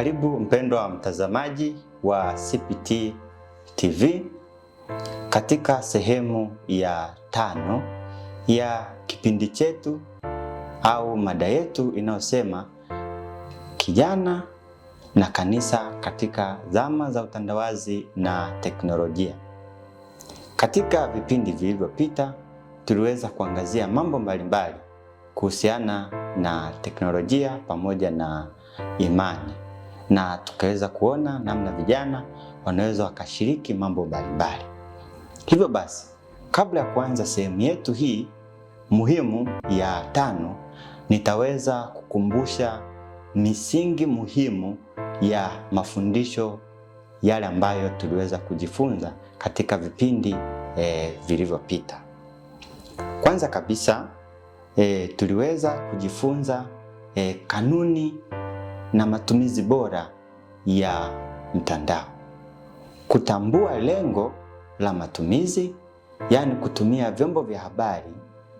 Karibu mpendwa mtazamaji wa CPT TV katika sehemu ya tano ya kipindi chetu au mada yetu inayosema kijana na kanisa katika zama za utandawazi na teknolojia. Katika vipindi vilivyopita tuliweza kuangazia mambo mbalimbali kuhusiana na teknolojia pamoja na imani na tukaweza kuona namna vijana wanaweza wakashiriki mambo mbalimbali. Hivyo basi, kabla ya kuanza sehemu yetu hii muhimu ya tano, nitaweza kukumbusha misingi muhimu ya mafundisho yale ambayo tuliweza kujifunza katika vipindi e, vilivyopita. Kwanza kabisa e, tuliweza kujifunza e, kanuni na matumizi bora ya mtandao. Kutambua lengo la matumizi, yaani kutumia vyombo vya habari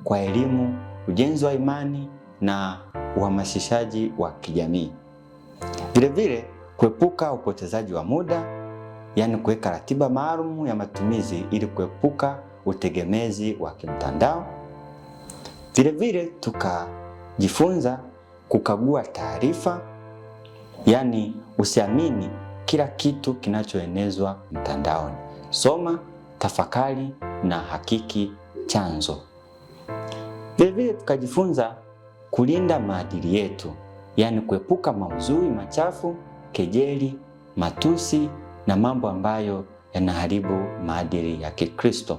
kwa elimu, ujenzi wa imani na uhamasishaji wa kijamii. Vilevile kuepuka upotezaji wa muda, yaani kuweka ratiba maalum ya matumizi ili kuepuka utegemezi wa kimtandao. Vilevile tukajifunza kukagua taarifa Yaani usiamini kila kitu kinachoenezwa mtandaoni. Soma, tafakari na hakiki chanzo. Vilevile tukajifunza kulinda maadili yetu, yaani kuepuka mauzuri machafu, kejeli, matusi na mambo ambayo yanaharibu maadili ya Kikristo.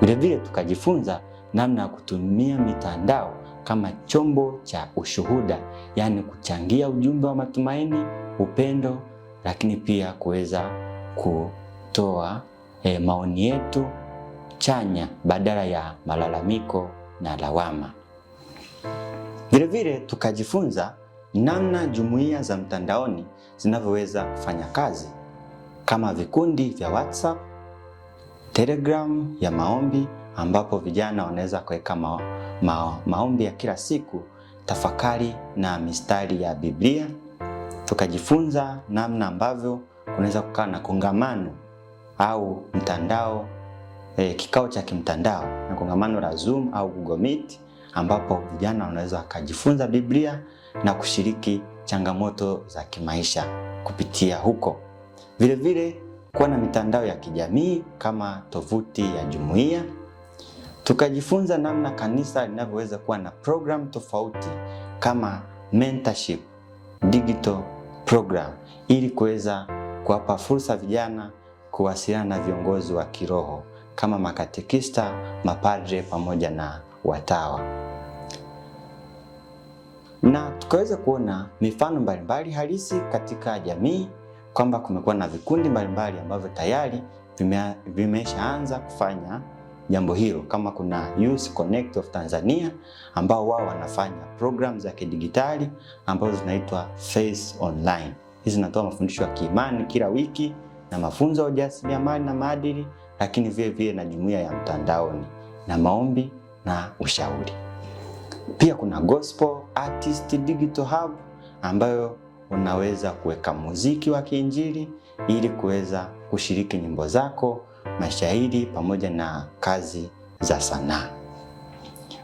Vilevile tukajifunza namna ya kutumia mitandao kama chombo cha ushuhuda, yaani kuchangia ujumbe wa matumaini, upendo, lakini pia kuweza kutoa e, maoni yetu chanya badala ya malalamiko na lawama. Vilevile tukajifunza namna jumuiya za mtandaoni zinavyoweza kufanya kazi kama vikundi vya WhatsApp Telegram ya maombi ambapo vijana wanaweza kuweka ma ma maombi ya kila siku, tafakari na mistari ya Biblia, tukajifunza namna ambavyo unaweza kukaa na kongamano au mtandao e, kikao cha kimtandao na kongamano la Zoom au Google Meet ambapo vijana wanaweza wakajifunza Biblia na kushiriki changamoto za kimaisha kupitia huko vilevile vile, kuwa na mitandao ya kijamii kama tovuti ya jumuiya. Tukajifunza namna kanisa linavyoweza kuwa na program tofauti kama mentorship digital program ili kuweza kuwapa fursa vijana kuwasiliana na viongozi wa kiroho kama makatekista, mapadre pamoja na watawa, na tukaweza kuona mifano mbalimbali halisi katika jamii kwamba kumekuwa na vikundi mbalimbali ambavyo tayari vimeshaanza kufanya jambo hilo, kama kuna Youth Connect of Tanzania ambao wao wanafanya program za kidijitali ambazo zinaitwa Face Online. Hizi zinatoa mafundisho ya kiimani kila wiki na mafunzo ya ujasiriamali na maadili, lakini vile vile na jumuiya ya mtandaoni na maombi na ushauri. Pia kuna Gospel Artist Digital Hub ambayo unaweza kuweka muziki wa Kiinjili ili kuweza kushiriki nyimbo zako, mashairi pamoja na kazi za sanaa.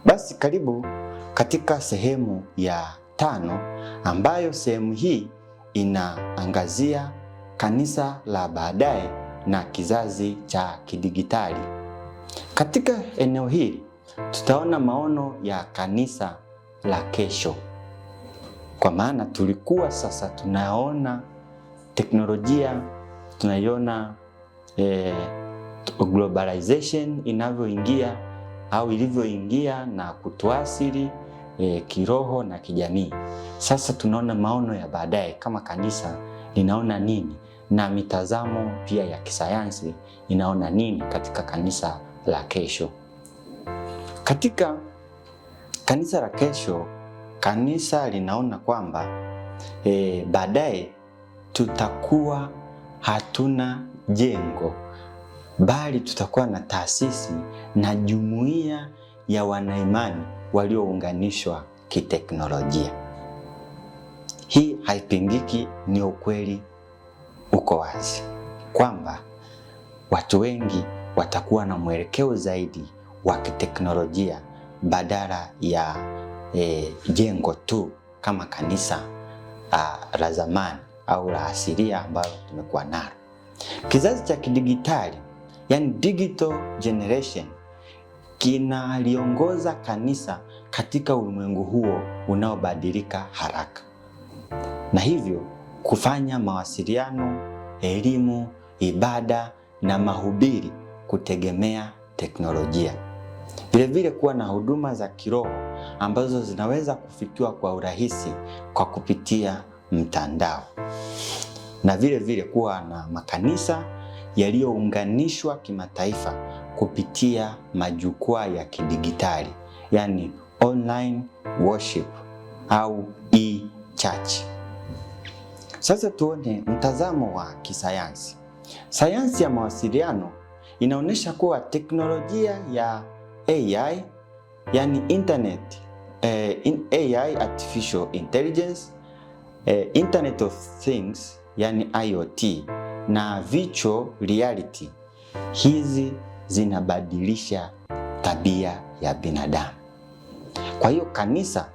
Basi karibu katika sehemu ya tano ambayo sehemu hii inaangazia kanisa la baadaye na kizazi cha kidigitali. Katika eneo hili tutaona maono ya kanisa la kesho. Kwa maana tulikuwa sasa tunaona teknolojia tunaiona eh, globalization inavyoingia au ilivyoingia na kutuasiri eh, kiroho na kijamii. Sasa tunaona maono ya baadaye kama kanisa linaona nini na mitazamo pia ya kisayansi inaona nini katika kanisa la kesho. Katika kanisa la kesho kanisa linaona kwamba e, baadaye tutakuwa hatuna jengo bali tutakuwa na taasisi na jumuiya ya wanaimani waliounganishwa kiteknolojia. Hii haipingiki, ni ukweli uko wazi kwamba watu wengi watakuwa na mwelekeo zaidi wa kiteknolojia badala ya e, jengo tu kama kanisa la zamani au la asilia ambalo tumekuwa nalo. Kizazi cha kidigitali, yani digital generation, kinaliongoza kanisa katika ulimwengu huo unaobadilika haraka, na hivyo kufanya mawasiliano, elimu, ibada na mahubiri kutegemea teknolojia, vilevile kuwa na huduma za kiroho ambazo zinaweza kufikiwa kwa urahisi kwa kupitia mtandao, na vile vile kuwa na makanisa yaliyounganishwa kimataifa kupitia majukwaa ya kidigitali, yani online worship au e-church. Sasa tuone mtazamo wa kisayansi. Sayansi ya mawasiliano inaonyesha kuwa teknolojia ya AI yani internet eh, in AI artificial intelligence eh, internet of things yani IoT na virtual reality, hizi zinabadilisha tabia ya binadamu. Kwa hiyo kanisa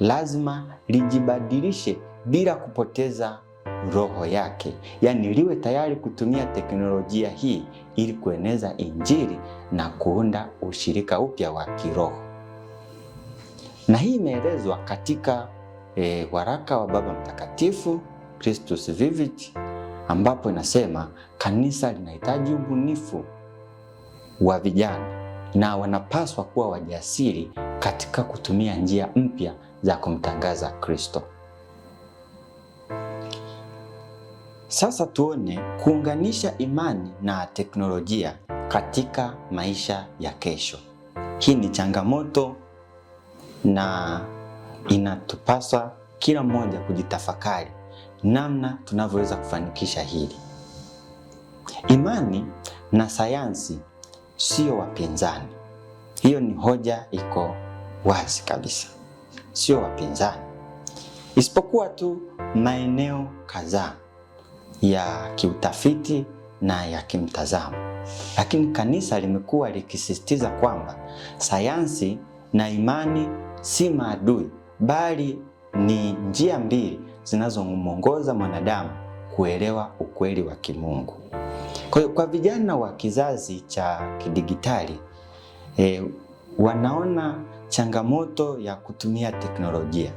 lazima lijibadilishe bila kupoteza roho yake, yaani liwe tayari kutumia teknolojia hii ili kueneza Injili na kuunda ushirika upya wa kiroho na hii imeelezwa katika e, waraka wa Baba Mtakatifu Christus Vivit, ambapo inasema kanisa linahitaji ubunifu wa vijana na wanapaswa kuwa wajasiri katika kutumia njia mpya za kumtangaza Kristo. Sasa tuone kuunganisha imani na teknolojia katika maisha ya kesho. Hii ni changamoto na inatupaswa kila mmoja kujitafakari namna tunavyoweza kufanikisha hili. Imani na sayansi sio wapinzani. Hiyo ni hoja iko wazi kabisa, sio wapinzani, isipokuwa tu maeneo kadhaa ya kiutafiti na ya kimtazamo. Lakini kanisa limekuwa likisisitiza kwamba sayansi na imani si maadui, bali ni njia mbili zinazomwongoza mwanadamu kuelewa ukweli wa kimungu. Kwa hiyo kwa vijana wa kizazi cha kidigitali e, wanaona changamoto ya kutumia teknolojia,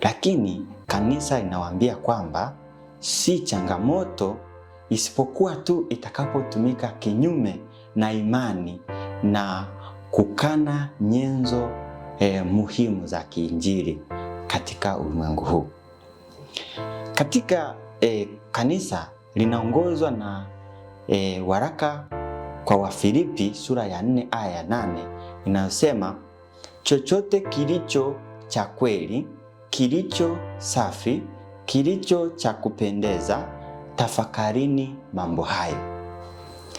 lakini kanisa inawaambia kwamba si changamoto, isipokuwa tu itakapotumika kinyume na imani na kukana nyenzo eh, muhimu za kiinjili katika ulimwengu huu. Katika eh, kanisa linaongozwa na eh, waraka kwa Wafilipi sura ya 4 aya ya 8 inayosema chochote kilicho cha kweli, kilicho safi, kilicho cha kupendeza, tafakarini mambo hayo.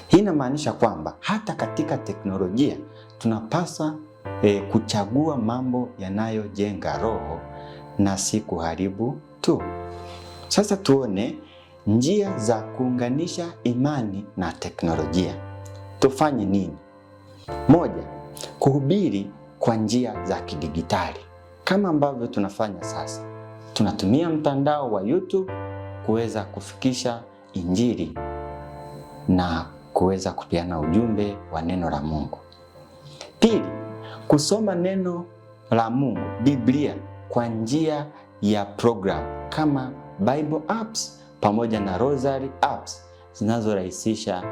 Hii inamaanisha kwamba hata katika teknolojia tunapaswa e, kuchagua mambo yanayojenga roho na si kuharibu tu. Sasa tuone njia za kuunganisha imani na teknolojia. Tufanye nini? Moja, kuhubiri kwa njia za kidigitali kama ambavyo tunafanya sasa. Tunatumia mtandao wa YouTube kuweza kufikisha injili na kuweza kupeana ujumbe wa neno la Mungu. Pili, kusoma neno la Mungu, Biblia, kwa njia ya program kama Bible apps pamoja na Rosary apps zinazorahisisha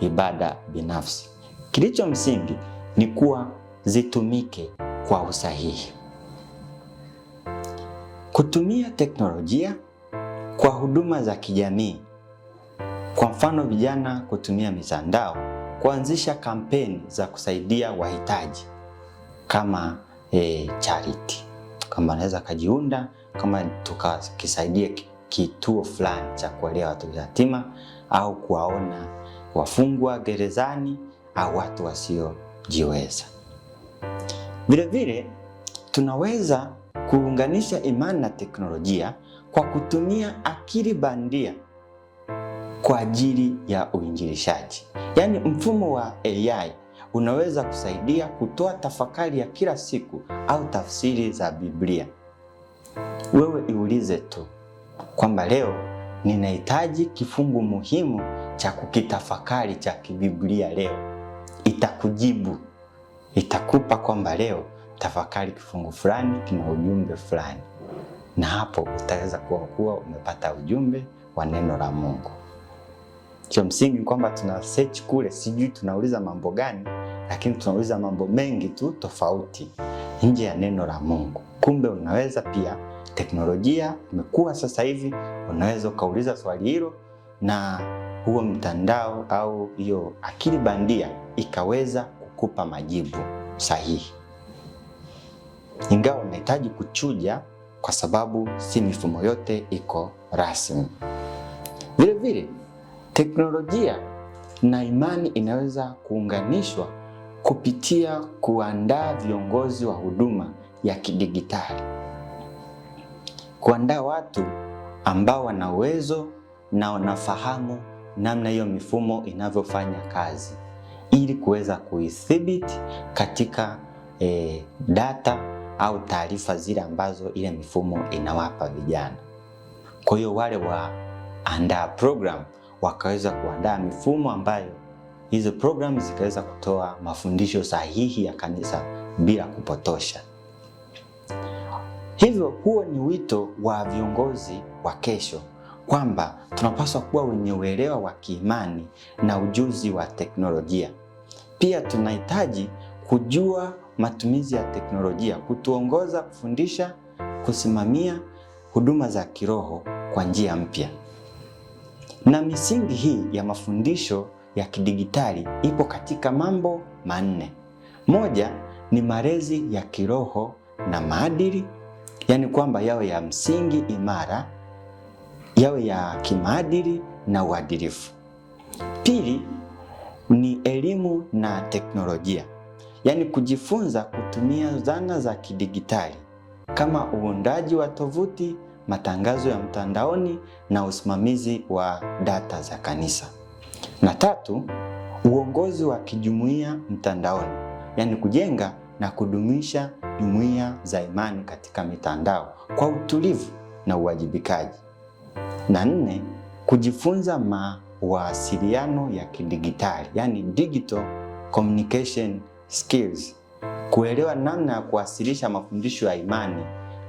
ibada binafsi. Kilicho msingi ni kuwa zitumike kwa usahihi. Kutumia teknolojia kwa huduma za kijamii, kwa mfano vijana kutumia mitandao kuanzisha kampeni za kusaidia wahitaji kama e, charity kwamba anaweza akajiunda kama tukakisaidia kituo fulani cha kuwalea watu yatima au kuwaona wafungwa gerezani au watu wasiojiweza. Vilevile tunaweza kuunganisha imani na teknolojia kwa kutumia akili bandia kwa ajili ya uinjilishaji, yaani mfumo wa AI unaweza kusaidia kutoa tafakari ya kila siku au tafsiri za Biblia. Wewe iulize tu kwamba leo ninahitaji kifungu muhimu cha kukitafakari cha kibiblia leo. Itakujibu, itakupa kwamba leo tafakari kifungu fulani kina ujumbe fulani, na hapo utaweza kuwa kuwa umepata ujumbe wa neno la Mungu. Cha msingi kwamba tuna search kule, sijui tunauliza mambo gani lakini tunauliza mambo mengi tu tofauti nje ya neno la Mungu. Kumbe unaweza pia, teknolojia imekuwa sasa hivi, unaweza ukauliza swali hilo na huo mtandao au hiyo akili bandia ikaweza kukupa majibu sahihi, ingawa unahitaji kuchuja, kwa sababu si mifumo yote iko rasmi. Vilevile teknolojia na imani inaweza kuunganishwa kupitia kuandaa viongozi wa huduma ya kidigitali, kuandaa watu ambao wana uwezo na wanafahamu namna hiyo mifumo inavyofanya kazi ili kuweza kuithibiti katika e, data au taarifa zile ambazo ile mifumo inawapa vijana. Kwa hiyo wale waandaa program wakaweza kuandaa mifumo ambayo hizo programu zikaweza kutoa mafundisho sahihi ya kanisa bila kupotosha. Hivyo huo ni wito wa viongozi wa kesho kwamba tunapaswa kuwa wenye uelewa wa kiimani na ujuzi wa teknolojia. Pia tunahitaji kujua matumizi ya teknolojia kutuongoza, kufundisha, kusimamia huduma za kiroho kwa njia mpya. Na misingi hii ya mafundisho ya kidigitali ipo katika mambo manne. Moja ni malezi ya kiroho na maadili, yaani kwamba yawe ya msingi imara, yawe ya kimaadili na uadilifu. Pili ni elimu na teknolojia, yaani kujifunza kutumia zana za kidigitali kama uundaji wa tovuti, matangazo ya mtandaoni na usimamizi wa data za kanisa. Na tatu, uongozi wa kijumuiya mtandaoni, yaani kujenga na kudumisha jumuiya za imani katika mitandao kwa utulivu na uwajibikaji. Na nne, kujifunza mawasiliano ya kidigitali, yaani digital communication skills, kuelewa namna ya kuwasilisha mafundisho ya imani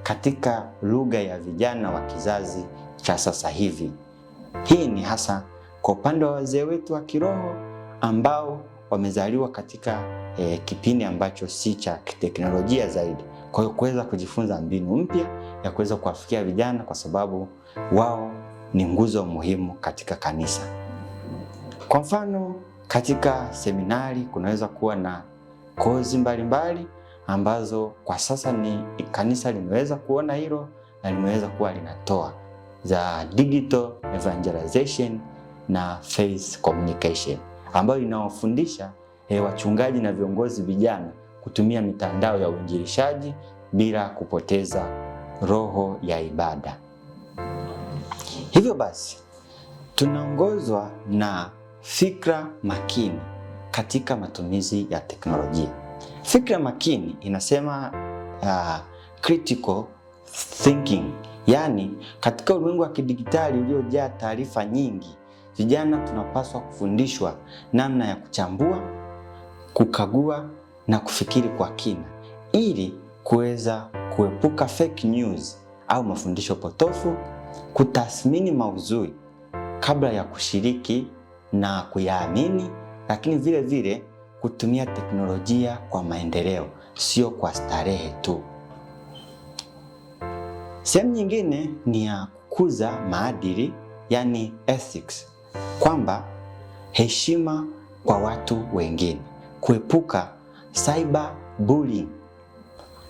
katika lugha ya vijana wa kizazi cha sasa hivi. Hii ni hasa kwa upande wa wazee wetu wa kiroho ambao wamezaliwa katika eh, kipindi ambacho si cha kiteknolojia zaidi, kwa hiyo kuweza kujifunza mbinu mpya ya kuweza kuwafikia vijana, kwa sababu wao ni nguzo muhimu katika kanisa. Kwa mfano, katika seminari kunaweza kuwa na kozi mbalimbali ambazo kwa sasa ni kanisa limeweza kuona hilo na limeweza kuwa linatoa za digital evangelization na Faith communication ambayo inawafundisha eh, wachungaji na viongozi vijana kutumia mitandao ya uinjilishaji bila kupoteza roho ya ibada. Hivyo basi tunaongozwa na fikra makini katika matumizi ya teknolojia. Fikra makini inasema uh, critical thinking, yaani katika ulimwengu wa kidijitali uliojaa taarifa nyingi vijana tunapaswa kufundishwa namna ya kuchambua, kukagua na kufikiri kwa kina ili kuweza kuepuka fake news au mafundisho potofu, kutathmini maudhui kabla ya kushiriki na kuyaamini, lakini vile vile kutumia teknolojia kwa maendeleo, sio kwa starehe tu. Sehemu nyingine ni ya kukuza maadili, yani ethics kwamba heshima kwa watu wengine, kuepuka cyber bullying,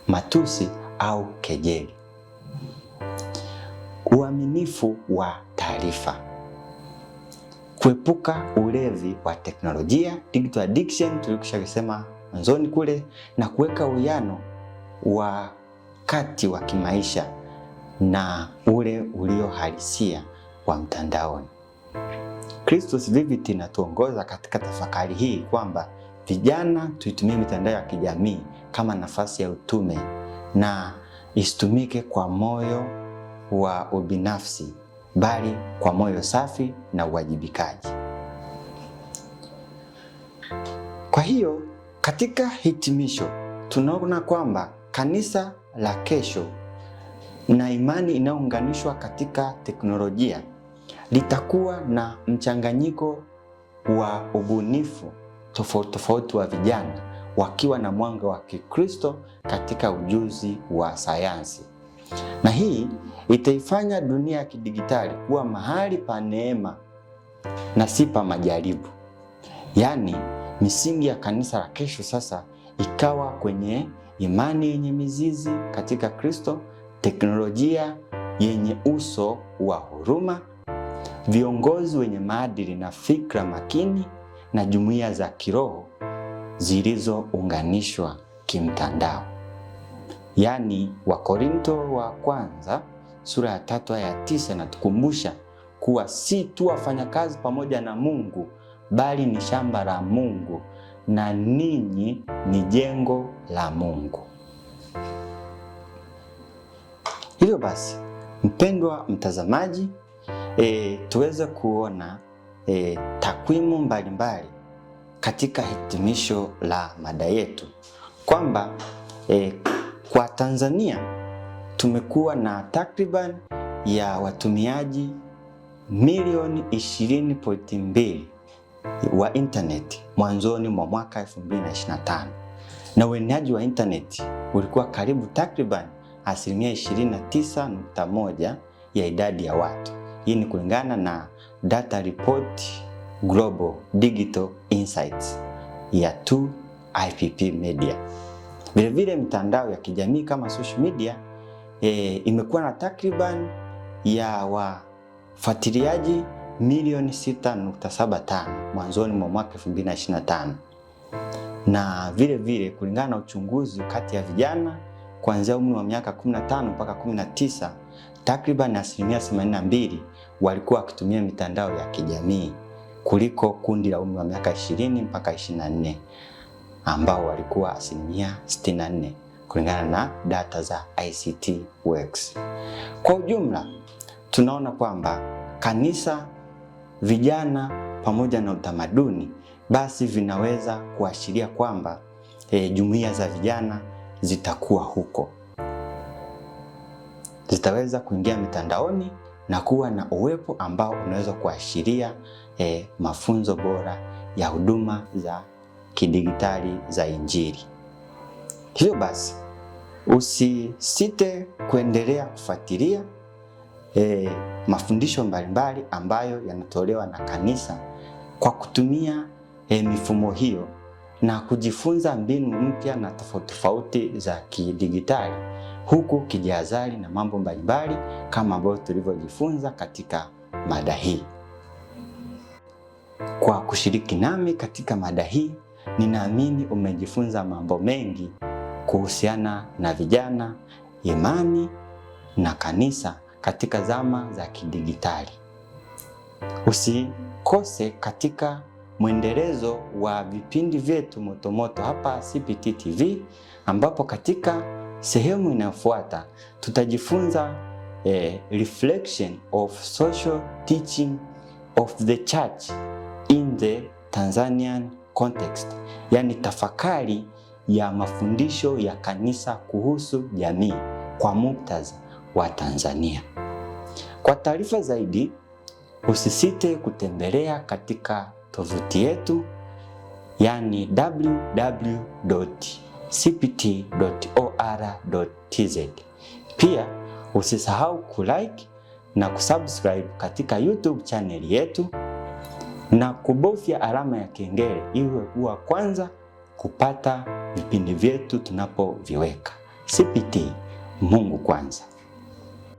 matusi au kejeli. Uaminifu wa taarifa, kuepuka ulevi wa teknolojia, digital addiction tulikwisha kusema mwanzoni kule, na kuweka uwiano wa kati wa kimaisha na ule uliohalisia wa mtandaoni. Christus Vivity inatuongoza katika tafakari hii kwamba vijana tuitumie mitandao ya kijamii kama nafasi ya utume na isitumike kwa moyo wa ubinafsi, bali kwa moyo safi na uwajibikaji. Kwa hiyo katika hitimisho, tunaona kwamba kanisa la kesho na imani inayounganishwa katika teknolojia litakuwa na mchanganyiko wa ubunifu tofauti tofauti wa vijana wakiwa na mwanga wa Kikristo katika ujuzi wa sayansi, na hii itaifanya dunia ya kidigitali kuwa mahali pa neema na si pa majaribu. Yaani, misingi ya kanisa la kesho sasa ikawa kwenye imani yenye mizizi katika Kristo, teknolojia yenye uso wa huruma viongozi wenye maadili na fikra makini na jumuiya za kiroho zilizounganishwa kimtandao. Yaani, Wakorinto wa kwanza sura ya tatu aya ya tisa inatukumbusha kuwa si tu wafanyakazi pamoja na Mungu bali ni shamba la Mungu na ninyi ni jengo la Mungu. Hivyo basi, mpendwa mtazamaji e, tuweze kuona e, takwimu mbalimbali katika hitimisho la mada yetu kwamba e, kwa Tanzania tumekuwa na takriban ya watumiaji milioni 20.2 wa intaneti mwanzoni mwa mwaka 2025 na ueneaji wa intaneti ulikuwa karibu takriban asilimia 29.1 ya idadi ya watu. Hii ni kulingana na data report Global Digital Insights ya 2IPP Media. Vilevile mitandao ya kijamii kama social media e, imekuwa na takriban ya wafuatiliaji milioni 6.75 mwanzoni mwa mwaka 2025 na vile vile kulingana na uchunguzi kati ya vijana kuanzia umri wa miaka 15 mpaka 19, takriban asilimia 82 walikuwa wakitumia mitandao ya kijamii kuliko kundi la umri wa miaka 20 mpaka 24 ambao walikuwa asilimia 64 kulingana na data za ICT Works. Kwa ujumla, tunaona kwamba kanisa, vijana pamoja na utamaduni basi vinaweza kuashiria kwamba e, jumuiya za vijana zitakuwa huko, zitaweza kuingia mitandaoni na kuwa na uwepo ambao unaweza kuashiria eh, mafunzo bora ya huduma za kidigitali za Injili. Hivyo basi usisite kuendelea kufuatilia eh, mafundisho mbalimbali ambayo yanatolewa na kanisa kwa kutumia eh, mifumo hiyo na kujifunza mbinu mpya na tofauti tofauti za kidigitali huku kijiazari na mambo mbalimbali kama ambavyo tulivyojifunza katika mada hii. Kwa kushiriki nami katika mada hii, ninaamini umejifunza mambo mengi kuhusiana na vijana, imani na kanisa katika zama za kidigitali. Usikose katika mwendelezo wa vipindi vyetu motomoto hapa CPT TV ambapo katika Sehemu inayofuata tutajifunza eh, reflection of social teaching of the church in the Tanzanian context, yaani tafakari ya mafundisho ya kanisa kuhusu jamii kwa muktadha wa Tanzania. Kwa taarifa zaidi, usisite kutembelea katika tovuti yetu, yaani www.cpt.org r.tz. Pia usisahau kulike na kusubscribe katika YouTube channel yetu na kubofya alama ya kengele iwe wa kwanza kupata vipindi vyetu tunapoviweka. CPT, Mungu kwanza.